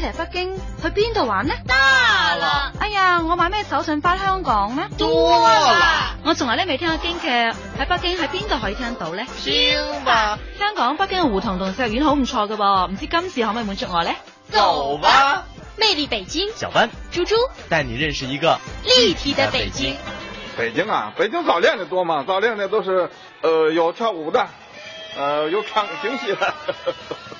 嚟北京去邊度玩呢？得啦。哎呀，我買咩手信翻香港呢？多啦。我從來都未聽過京劇，喺北京喺邊度可以聽到呢？超巴、啊。香港、北京嘅胡同同四合院好唔錯嘅噃，唔知今次可唔可以滿足我呢？走吧。魅力北京，小班，豬豬，帶你認識一個立體的北京、啊。北京啊，北京早練得多嘛，早練的都是，呃，有跳舞的，呃，有唱京戲的。